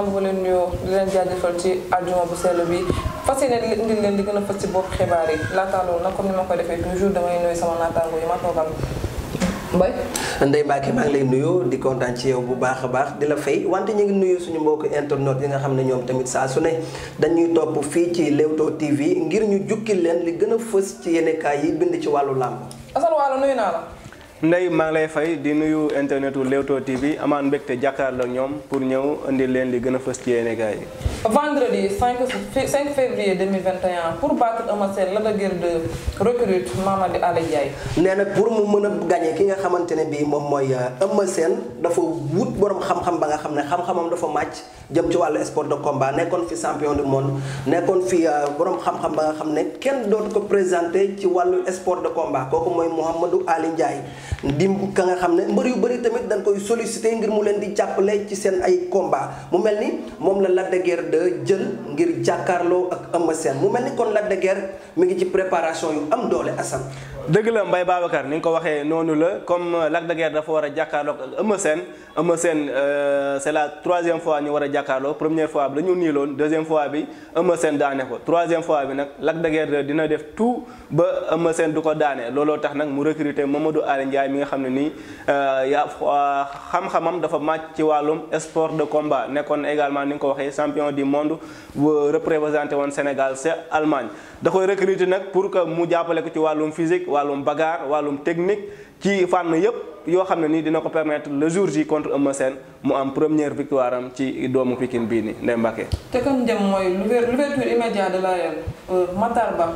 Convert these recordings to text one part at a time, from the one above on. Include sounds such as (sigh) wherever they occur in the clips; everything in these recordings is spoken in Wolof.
ginnaaw bu ma leen nuyoo di leen jaajëfal ci àjjuma bu sell bi fas yéene indi leen di gën a fas ci bopp xibaar yi laataa loolu ko comme ni ma koy defee toujours damay nuyu sama naataango yi ma toogal Mbaye. Ndeye Mbacke maa ngi lay nuyoo di kontaan ci yow bu baax a baax di la fay wante ñu ngi nuyoo suñu mbokku internet yi nga xam ne ñoom tamit saa su ne dañuy topp fii ci Leewtoo TV ngir ñu jukki leen li gën a fës ci yeneen kaay yi bind ci wàllu làmb. Assane Waalo nuyu naa la. Ndeye maa ngi lay fay di nuyu internetu Leewtoo TV amaan mbégte jàkkaarloo ak ñoom pour ñëw indi leen li gën a fës ci yéenekaay yi. vendredi 5 5 février 2021 pour battre de Guiers 2 recrute mu mën a gagné ki nga xamante ne bii moom mooy euh, Eumeu seen dafa wut borom xam-xam ba nga xam ne xam-xamam dafa màcc jëm ci wàllu sport de combat nekkoon fi champion du monde nekkoon fi euh, borom xam-xam ba nga xam ne kenn dootu ko présenté ci wàllu sport de combat kooku mooy Mouhamadou Alé Ndiaye. ndim ka nga xam ne mbër yu bëri tamit dañ koy sollicité ngir mu leen di jàppale ci seen ay combat mu mel ni moom la Lac de Guiers 2 jël ngir jàkkaarloo ak Eumeu Sène mu mel ni kon Lac de mu ngi ci préparation yu am doole Assane dëgg la Mbaye Babacar ni nga ko waxee noonu la comme euh, Lac de dafa war a jàkkaarloog ak euh, Eumeu Sène Eumeu euh, c'est la troisième fois ñu war a jàkkaarloo première fois bi la ñu niiloon deuxième fois bi Eumeu Sène daane ko troisième fois bi nag Lac de Guiers dina def tout ba Eumeu Sène du ko daane looloo tax nag mu recruter du Aly Ndiaye mi nga xam ne nii yaa xam-xamam dafa màcc ci wàllum sport de combat nekkoon également ni nga ko waxee champion du monde représenté woon Sénégal c'est Allemagne da koy recruter wàllum bagaar wàllum technique ci fànn yëpp yoo xam ne nii dina ko permettre le jour J contre Eumeu Sène mu am première victoire am ci doomu Pikine bii nii Ndeye Mbacké. te kan dem mooy l'ouverture immédiate de l'arène euh, Matar Ba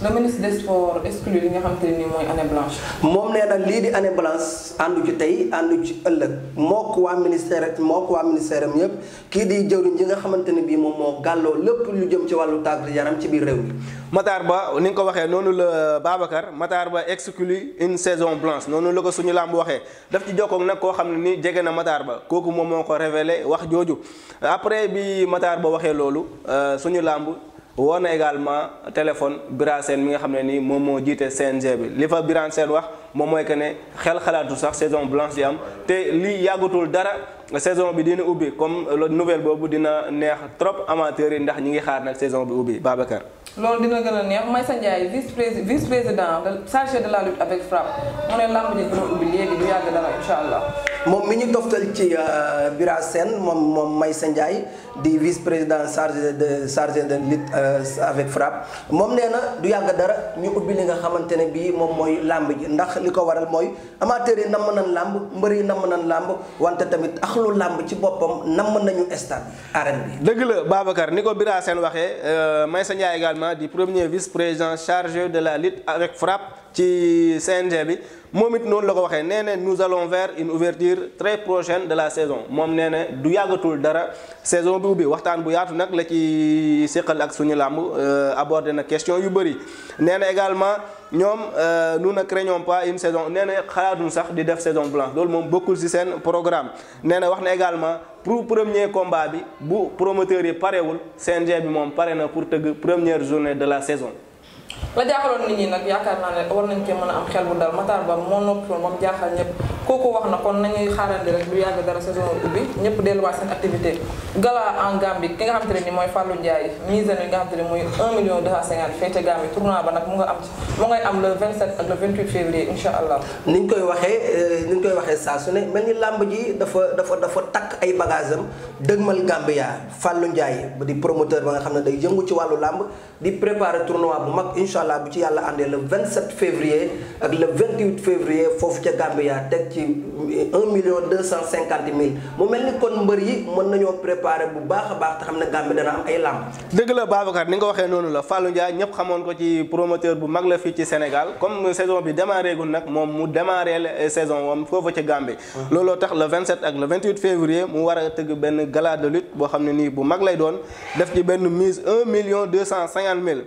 le ministre des sports exclu li nga xam nii mooy année blanche. moom nee lii di année blanche àndu ci tey àndu ci ëllëg moo ko waa ministère ak moo ko waa ministère am yëpp kii di jëwriñ ji nga xamante ne bii moom moo gàlloo lépp lu jëm ci wàllu tàggat yaram ci biir réew mi. Matar Ba ni nga ko waxee noonu la Babacar Matar Ba exclu une saison blanche noonu la ko suñu làmb waxee. waxee daf ci jokkoog nag koo xam ne ni jege na Matar Ba kooku moom moo ko révélé wax jooju après bi mataar Ba waxee loolu euh, suñu làmb woo na également téléphone Birane Sène mi nga xam ne nii moom moo jiite CNG bi li fa Birane Sène wax moom mooy que ne xel xalaatu sax saison blanche yi am te lii yàggatul dara. saison bi dina ubbi comme la nouvelle boobu dina neex trop amateurs yi ndax ñi ngi xaar nag saison bi ubbi Babacar. loolu dina gën a neex Maysa sa vice président vice président de la lutte avec frappe mu ne làmb ji dina allah. moom mi ñu toftal ci euh, Bira Sène moom moom Maysa Ndiaye di vice président chargé de chargé de lutte euh, avec frappe moom nee na du yàgg dara ñu ubbi li nga xamante ne bii moom mooy làmb ji ndax li ko waral mooy amateurs yi namm nañ làmb mbër yi namm nañ làmb wante tamit. axlu làmb ci boppam namm nañu stade arène bi. dëgg la Babacar ni ko Bira Sène waxee euh, Maysa Ndiaye également di premier vice président chargé de la lutte avec frappe. ci CNG bi moom it noonu la ko waxee nee na nous allons vers une ouverture très prochaine de la saison moom nee na du yàggatul dara saison bi waxtaan bu yaatu nag la ci seqal ak suñu làmb euh, abordé na question yu bëri nee na également ñoom euh, nous ne craignons pas une saison nee na xalaatuñ sax di def saison blanche loolu moom bokkul si seen programme nee na wax na également pour premier combat bi bu promoteur yi parewul CNG bi moom pare na pour tëgg première journée de la saison la jaaxaloon nit ñi nag yaakaar naa ne war nañ cee mën a am xel bu dal Matar Ba moo noppi woon moom jaaxal ñëpp kooku wax na kon nañuy xaarandi rek lu yàgg dara saison ubbi ñëpp delluwaat seen activité gala en Gambie ki nga xam ne ni mooy Fallou Ndiaye mise en yi nga xam te ne mooy 1 million 250 féete ba nag mu nga koy waxee euh, niñ koy waxee saa su ne mel ni làmb ji dafa dafa dafa takk ay bagage am dëgmal Gambia Fallou Ndiaye di promoteur ba nga xam ne day yëngu wàllu làmb di allah bu ci yàlla àndee le 27 février ak le 28 février foofu ca Gambia teg ci million mille mu mel ni kon mbër yi mën nañoo préparer bu baax a baax te xam ne Gambie dana am ay làmb. dëgg la Babacar ni nga waxee noonu la Fallou Ndiaye ñëpp xamoon ko ci promoteur bu mag la fii ci Sénégal comme saison bi démarré gu nag moom mu démarré saison wam foofu ca Gambie. looloo tax le 27 ak le 28 février mu war a tëgg benn gala de lutte boo xam ne nii bu mag lay doon def ci benn mise 1 million 250 mille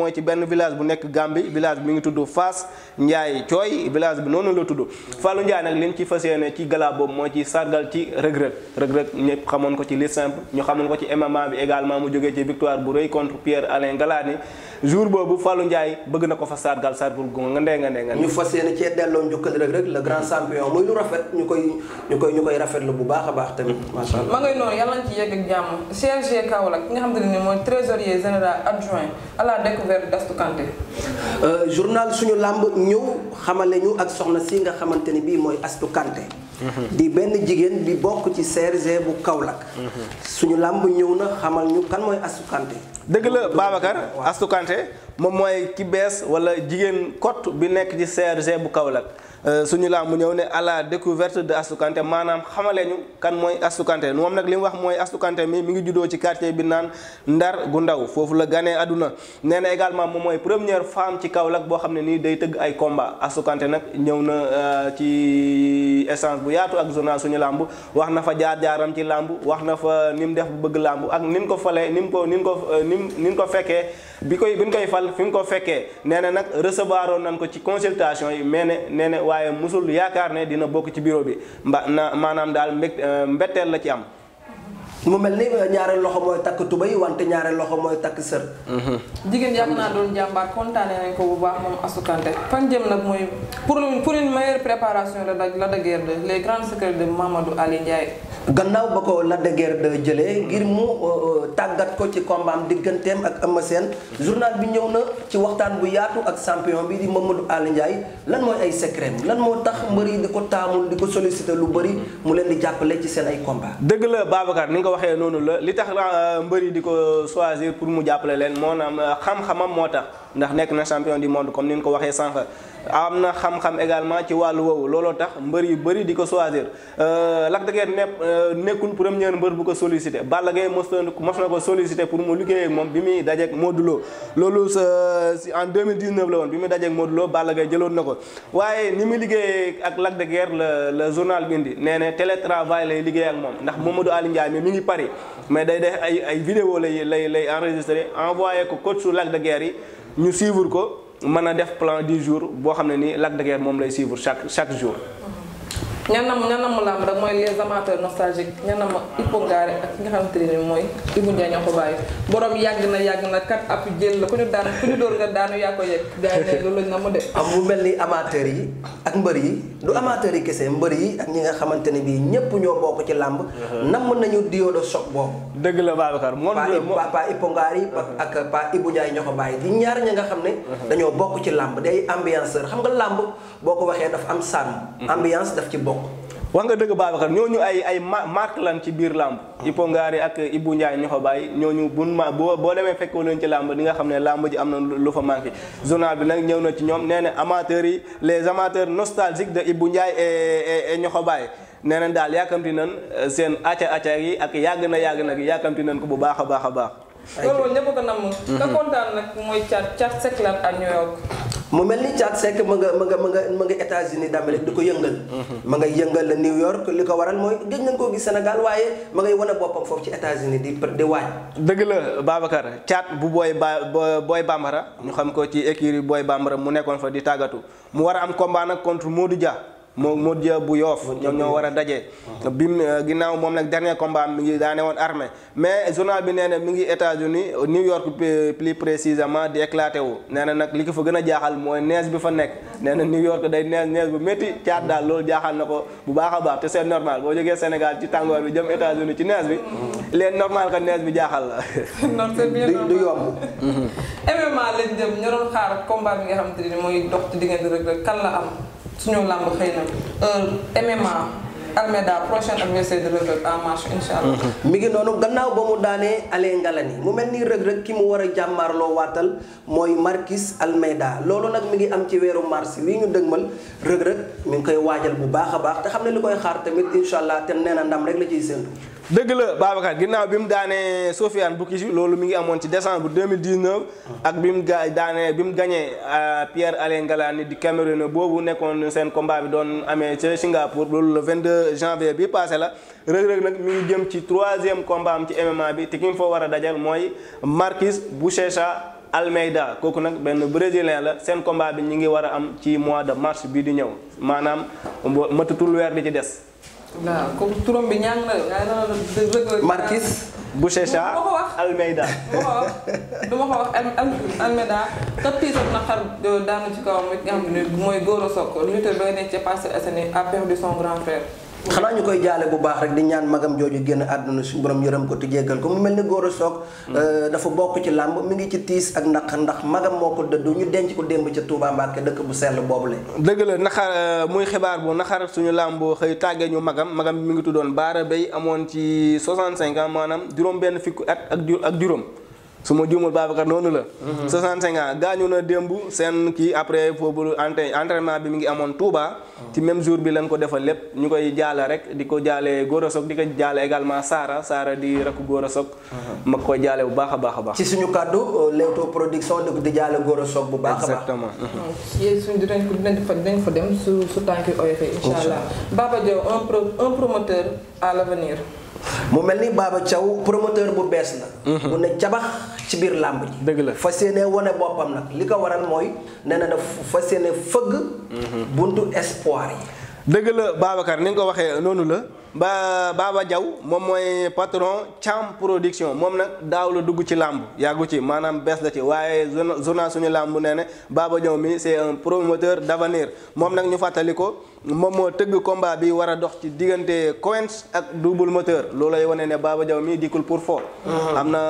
mooy ci benn village bu nekk Gambie village bi mi ngi tudd Fass Ndiaye Thioy village bi noonu la tudd Fallou Ndiaye nag liñ ci fas yéene ci gala boobu mooy ci sargal ci rëg ko ci lutte simple ñu xamoon ko ci MMA bi également mu jógee bu rëy contre Pierre Alain Galani jour boobu Fallou bëgg na ko fa sargal sargal gu nga ndee nga ndee nga ñu fas yéene cee bu baax a baax tamit allah ma ngay noonu yàlla nañ ci yegg ak jàmm vers Dastou Kanté. Euh, journal suñu làmb ñëw xamale ñu ak soxna si nga xamante ni bii mooy Astou mhm. di benn jigéen bi bokk ci CRG bu Kaolack. Mhm. suñu làmb ñëw na xamal ñu kan mooy Astou Kanté. dëgg la Babacar Astou moom mooy ki bees wala jigéen kott bi nekk ci CRG bu Kaolack. Euh, suñu laa mu ñëw ne à la découverte de Astou Kanté maanaam xamale ñu kan mooy Astou Kanté moom nag li mu wax mooy Astou Kanté mi ngi juddoo ci quartier bi naan Ndar gu ndaw foofu la ganee àdduna nee na également moom mooy première femme ci Kaolack boo xam ne nii day tëgg ay combat Astou nag ñëw na euh, ci essence bu yaatu ak suñu làmb wax na fa jaar-jaaram ci làmb wax na fa ni mu def bu bëgg làmb ak ni mu ko falee ni mu ko ni mu ko euh, ni mu ko fekkee bi koy bi ñu koy fal fi mu ko fekkee nee na nag recevoir nañ ko ci consultation yi mais waaye musul yaakaar ne dina bokk ci bureau bi mba na maanaam daal euh, mbetteel la ci am. mu mel ni euh, ñaareel loxo mooy takk tubay wante ñaareel loxo mooy takk sër. Mm-hmm. jigéen yàgg naa doon jàmbaar kontaane nañ ko bu baax moom Astou Kanté fan jëm nag mooy pour pour une meilleure préparation la la de guerre les grands secrets de Mamadou Ali Ndiaye. gannaaw ba ko Lac de da 2 jëlee ngir mu euh, euh, tàggat ko ci kombaam digganteem ak Eumeu Sène journal bi ñëw na ci waxtaan bu yaatu ak sampion bi di ma Mamadou Aly Ndiaye lan mooy ay secret lan moo tax mbër yi di ko taamul di ko solliciter lu bëri mu leen di jàppale ci seen ay combat dëgg la Babacar ni nga ko waxee noonu la li tax euh, mbër yi di ko choisir pour mu jàppale leen moo naam xam-xamam moo tax ndax nekk na champion du monde comme ni nga ko waxee sànq am na xam-xam également ci wàllu woowu looloo tax mbër yu bëri di ko choisir euh, Lac de Guiers ne euh, nekkul première mbër bu ko sollicité Balla Gaye mos na mos na ko sollicité pour mu liggéey moom bi muy dajeeg Modou Lo loolu sa si en 2019 la woon bi muy dajeeg Modou Lo Balla Gaye na ko waaye ni muy liggéeyee ak Lac de Guiers la la journal bi indi nee na télétravail lay liggéey ak moom ndax Mamadou Ali Ndiaye mi mi ngi Paris mais day def ay ay vidéo lay lay lay enregistré envoyé ko coach su Lac de yi ñu suivre ko. mën a def plan du jour boo xam ne nii Lac de Guiers moom lay suivre chaque chaque jour. ña nam ña nam na rek mooy les amateurs nostalgiques ña nam Ibou Ngare ak ne nii mooy Ibou Ndiaye ñoo ko na yàgg na kat ab jël ko yegg gars yi loolu lañ na mu de am bu mel ni amateurs yi ak mbër yi du amateurs yi kese mbër yi ak ñi nga xamante ne bii ñépp ñoo bokk ci làmb uh-huh. nam nañu dioo de choc boobu dëgg la Babacar moom pa Ibou Ngare yi ak pa Ibou Ndiaye ñoo ko bàyyi di ñaar ña nga xam ne uh-huh. dañoo bokk ci làmb day ambianceur xam nga làmb boo ko waxee daf am sàmm uh-huh. ambiance daf ci bokk wax nga dëgg Babacar ñooñu ay ay marque lan ci biir làmb Ipo Ngari ak Ibou Ndiaye ñoo ko bàyyi ñooñu bun ma boo boo demee fekkoo leen ci làmb di nga xam ne làmb ji am na lu fa manqué journal bi nag ñëw na ci ñoom nee na amateurs yi les amateur nostalgiques de Ibou Ndiaye et et ñoo ko bàyyi nee nañ daal yàkkamti nan euh, seen acca acca yi ak yàgg na yàgg nag yàkkamti nan ko bu baax a baax a baax loolu ñëpp ko namm ka kontaan nag mooy cat cat seklat ak New York mu mel ni Thiat Seck ma nga ma nga ma nga ma nga États-Unis d'Amérique di ko yëngal mhm. ma nga yëngal la New York li ko waral mooy gëj nañ koo gis Sénégal waaye ma ngay wane boppam foofu ci États-Unis di di waaj dëgg la Babacar Thiat bu booy baa booy Bambara ñu xam ko ci écurie booy Bambara mu nekkoon fa di tàggatu mu war a am combat nag moo Modou jaa moo Modou Dia bu Yoff ñoom ñoo war a daje. bi mu euh, ginnaaw moom nag dernier combat mi ngi daane woon armée mais journal bi nee na mi ngi États-Unis New York plus précisément di éclaté wu nee na nag li ko fa gën a jaaxal mooy nees bi fa nekk nee na New York day nees nees bu métti caat daal loolu jaaxal na ko bu baax a baax te c'est normal boo jógee Sénégal ci tàngoor bi jëm États-Unis ci nees bi mm-hmm. leen normal que nees bi jaaxal la. (laughs) non c'est bien normal du du yomb. MMA mm-hmm. (laughs) lañ jëm ñu doon xaar combat bi nga xamante ne mooy dox ci diggante rek rek kan la am. suñu làmb xëy na euh, MMA Almeida prochain adversaire de Reug Reug en marche incha allah. Mhm. mi ngi noonu gannaaw ba mu daanee Alain ni mu mel nii Reug Reug ki mu war a jàmmaarloo waatal mooy Marcus Almeida loolu nag mi ngi am ci weeru mars wi ñu dëgmal Reug Reug mi ngi koy waajal bu baax a baax te xam ne li koy xaar tamit incha allah te nee ndam rek la ciy séntu. dëgg la Babacar ginnaaw bi mu daanee Sofiane Boukisi loolu mi ngi amoon ci décembre 2019. ak bi mu ga daanee bi mu gañee euh, Pierre Alain Ngalani di Cameroun boobu nekkoon seen combat bi doon amee ca Singapour loolu le 22 janvier bi passé la Reug Reug nag mi ngi jëm ci troisième combat am ci MMA bi te ki mu fa war a dajal mooy Marquis Buchecha Almeida kooku nag benn brésilien la seen combat bi ñu ngi war a am ci mois de mars bii di ñëw maanaam matatul weer di ci des. waaw comme turam bi ñaan la ñaan Marquis Bouchecha Almeida du ma ko wax du ma ko na xar daanu ci kawam mooy góor a sokk lutteur ba nga nekk ca Parcelles Assainies a perdu son grand frère. xanaa ñu koy jaale bu baax rek di ñaan magam jooju génn àdduna suñu borom yërëm ko te jéggal ko mu mel ni góor a soog mm. euh, dafa bokk ci làmb mi ngi ci tiis ak ndax ndax magam moo ko dëddu ñu denc ko démb ca Touba Mbacke dëkk bu sell boobu le dëgg la naxar euh, muy xibaar bu naxar suñu làmb xëy tàggee ñu magam magam mi ngi tuddoon Baara Bey amoon ci 65 ans maanaam juróom benn fukki at ak ak juróom su ma juumul Babacar noonu la. 65 ans gaañu na démb seen kii après foofu entraînement bi mu ngi amoon Touba. ci même jour bi lañ ko defal lépp ñu koy jaala rek di ko jaale a Sock di ko jaale également Saara Saara di rakku Gora Sock. ma koy jaale bu baax a baax a baax. ci suñu kàddu euh, Leewtoo production di jaale Gora Sock bu baax a baax. exactement. yéen mm-hmm. suñu dinañ ko dinañ fa dem su su tànki oyofee. incha allah Baba Diaw un pro un mu mel ni baaba Thiaw promoteur bu bees la. bu mhm. ne cabax ci biir làmb ji. dëgg la fas yéene wane boppam nag li ko waral mooy nee na daf fas yéene fëgg. Mhm. buntu espoir yi. dëgg la Babacar ni nga ko waxee noonu la ba baaba Diaw moom mooy patron Cham production moom nag daaw la dugg ci làmb yàggu ci maanaam bees la ci waaye journal suñu làmb nee na Baba Diaw mi c'est un promoteur d'avenir moom nag ñu fàttali ko. moom moo tëgg combat bi war a dox ci diggante Coins ak double loolu loolay wane ne baaba jaw mii dikkul pour fort. Mm-hmm. am na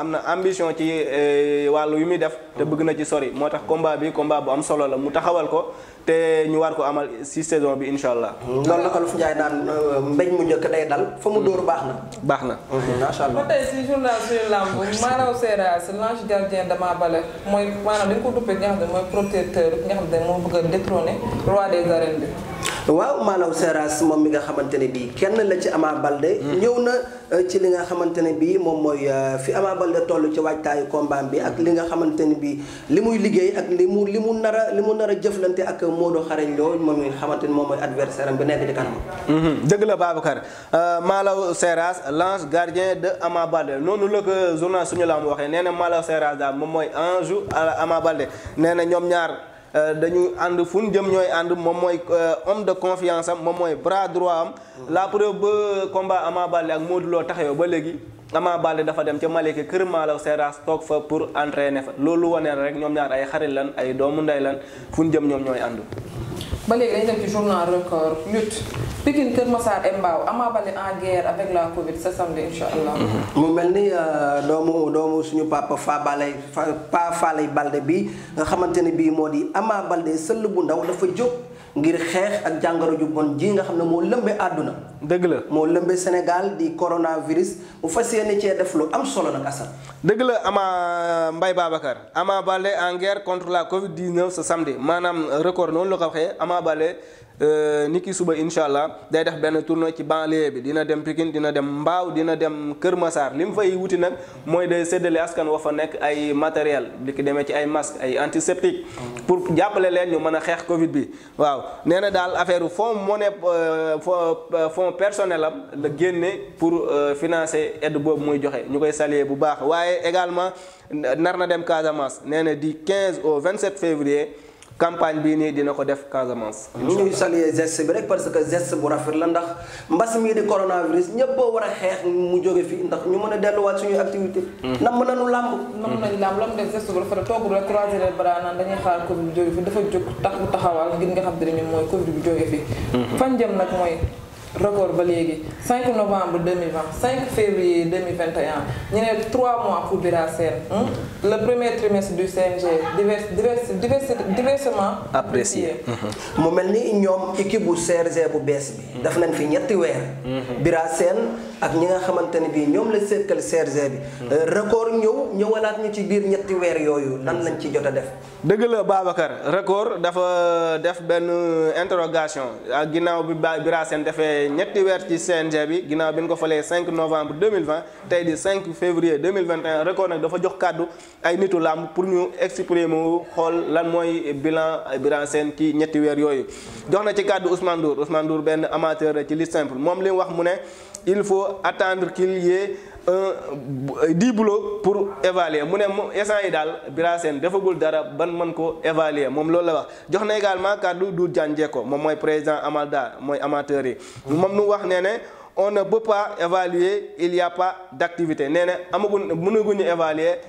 am na ambition ci eh, wàll yu muy def. te bëgg na ci sori moo tax combat bi combat bu am solo la mu taxawal ko. te ñu war ko amal si saison bi incha allah. loolu la Olof Ndiaye daan euh, mbéñ mu njëkk day dal fa mu dóor baax na. baax na mhm, macha allah. tey si journal suñu làmb Maraw Seras l'ange gardien Ama Baldé mooy maanaam dañ ko duppee ki nga mooy protecteur ki nga xam bëgg a détrôner roi des arènes bi. waaw maalaw Seras moom mi nga xamante ne bii kenn la ci Ama mm. ñëw na euh, ci li nga xamante ne bii moom mooy euh, fi Ama toll ci waajtaayu combat bi ak li nga xamante ne bii li muy liggéey ak li mu li mu nar li mu nar a jëflante ak Modou Xarañ Lo moom mi xamante ni moom mooy adversaire am bi nekk di kanam. Mm-hmm. dëgg la Babacar euh, maalaw Seras lance gardien de amaa Balde noonu la ko journal suñu la mu waxee nee na maalaw Seras daal moom mooy ange Ama Balde nee na ñoom ñaar. Euh, dañu ànd fu ñu jëm ñooy ànd moom mooy euh, homme de confiance am moom mooy bras droit am. la preuve ba combat Ama Baldé ak Modou Lo taxawoo ba léegi. Ama Baldé dafa dem ca Malika kër Malaw Seras toog fa pour entraîner fa loolu wane rek ñoom ñaar ay xarit lan ay doomu ndey lan fu jëm ñoom ñooy ànd. ba léegi dañu dem ci journal record lutte Pikine Kër Massar Mbao Ama Baldé en guerre avec la Covid ce samedi incha allah. Mm-hmm. mu mel ni euh, doomu doomu suñu papa Fa Balay Pa Falay Balde bi nga xamante ne bii moo di Ama Baldé sëll bu ndaw dafa jóg ngir xeex ak jàngoro ju bon ji nga xam ne moo lëmbee àdduna. dëgg la moo lëmbe Sénégal di coronavirus mu fas yéene cee def lu am solo nag Assane. dëgg la Ama mbay Babacar Ama Baldé en guerre contre la Covid 19 ce samedi maanaam euh, record noonu la ko waxee Ama Baldé euh, ni ki suba incha allah day def benn tournoi ci banlieue bi dina dem Pikine dina dem Mbaaw dina dem Kër Massar li mu fay wuti nag mooy day séddale askan wa fa nekk ay matériel li ki demee ci ay masque ay antiseptique mm. pour jàppale leen ñu mën a xeex Covid bi personnel am la génne pour euh, financer aide boobu muy joxe ñu koy saluer bu baax waaye également nar na dem Casamance nee na di 15 au 27 février campagne bi nii dina ko def Casamance. ñu ñuy saluer geste bi rek parce que geste bu rafet la ndax mbas mii di coronavirus ñëpp boo war a xeex mu jóge fi ndax ñu mën a delluwaat suñuy activité mm-hmm. ndax mën nañu làmb. mën nañu làmb la mu def geste bu rafet la toogul rek croiser les bras naan dañuy xaar Covid bi jóge fi xam mooy Covid bi fi. Mm-hmm. record ba léegi 5 novembre 2020 5 février 2021 ñu ne 3 mois pour Bira Sène le premier trimestre du CNG divers divers diversement apprécié. Mhm. mu mel ni ñoom équipe bu CNG bu bees bi. Mhm. daf nañ fi ñetti weer. Mhm. Bira Sène ak ñi nga xamante ne bii ñoom la sekkal CNG bi. Euh, record ñëw ñëwalaat ñu ci biir ñetti weer yooyu nan lañ ci jot a def. dëgg la Babacar record dafa euh, def benn euh, interrogation ginnaaw bi Bira Sène defee. defee ñetti weer ci CNG bi ginnaaw bi ñu ko falee 5 novembre 2020 tey di 5 février 2021 record nag dafa jox kàddu ay nitu làmb pour ñu exprimer wu xool lan mooy bilan bilan seen ci ñetti weer yooyu. jox na ci kàddu Ousmane Ndour Ousmane Ndour benn amateur ci li simple moom li mu wax mu ne il faut attendre qu'il y dix boulots pour évaluer mu ne mu essant yi daal Bira Sène defagul dara ban man ko évaluer moom loolu la wax jox na également kàddu du jànjee ko moom mooy président daal mooy amateur yi moom nu wax nee ne on na peut pas évaluer il y a pas d'activité nee na amaguñ mënaguñu évaluer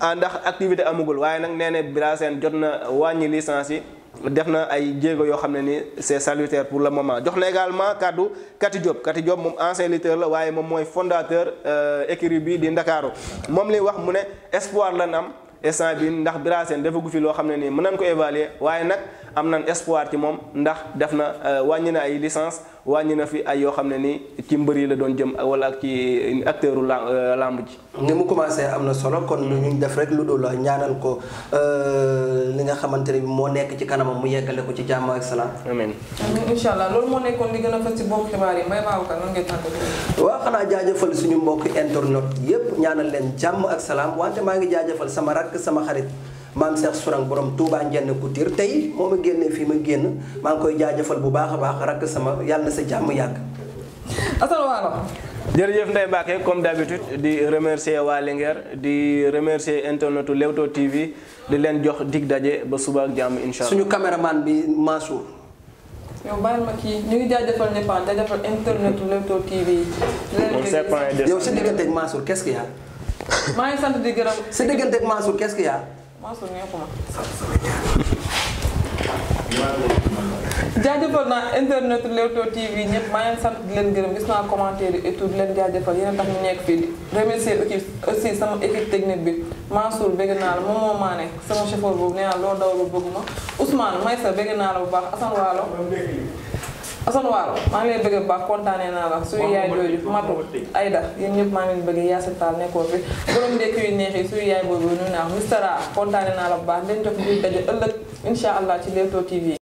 ah, ndax activité amagul waaye nag nee ne Bira jot na wàññi licence yi def na ay jéego yoo xam ne ni c'est salutaire pour la moment jox na également kàddu Kati Diop Kati Diop moom ancien lutteur la waaye moom mooy fondateur euh, écurie bi di Ndakaaru moom li wax mu ne espoir lan am instant bi ndax Bira Sène dafa gu fi loo xam ne nii mën nañ ko évaluer waaye nag am na espoir ci moom ndax def na euh, wàññi na ay licence wàññi na fi ay yoo xam ne ni ci mbër yi la doon jëm euh, wala ak ci acteuru euh, làmb ji. nga mu commencé am na solo kon lu ñu def rek lu dul ñaanal ko li nga xamante ne moo nekk ci kanamam mu yeggale ko ci jàmm ak salaam. amiin incha allah loolu moo nekkoon li gën a fës ci bopp xibaar yi Mbaye Babacar nan ngay tàggatoo. waaw xanaa jaajëfal suñu mbokk internet yépp ñaanal leen jàmm ak salaam wante maa ngi jaajëfal sama sama xarit. maam Cheikh Sourang borom Touba Ndiène Couture tey moo ma génnee fii ma génn maa ngi koy jaajëfal bu baax a baax rakk sama yàlla sa jàmm yàgg. asalaamaaleykum. jërëjëf Ndeye Mbacke comme d'habitude di remercier waa di remercier internetu Leewtoo TV di leen jox dig daje ba suba ak jàmm incha allah. suñu caméraman bi Mansour. yow bàyyi ma kii ñu ngi jaajëfal ñëpp ah jaajëfal internetu Leewtoo TV. moom c'est pas yow sa digganteeg Mansour qu'est-ce qu'il maa ngi sant di gërëm. sa digganteeg Mansour qu'est-ce Mansour neexuma. jaajëfal naa internet Leewtoo TV ñëpp maa sant di leen gërëm gis naa commentaire et tout di leen jaajëfal yéen tax nekk fii remercier équipe aussi sama équipe technique bi Mansour bëgg naa la moom moo maane sama chauffeur boobu nee naa loo daw lu bëgguma Ousmane Maysa bëgg naa la bu baax Assane Waalo Assane Waalo maa ngi lay bëgg bu baax kontaanee naa la suy yaay jooju matu Ayda yéen ñëpp maa ngi leen bëgg Yacine Tall nekkoo fi borom ndekk yu neex suy yaay boobu nuyu naa Mistara kontaanee naa la bu baax leen jox ngir daje ëllëg incha allah ci Leewtoo TV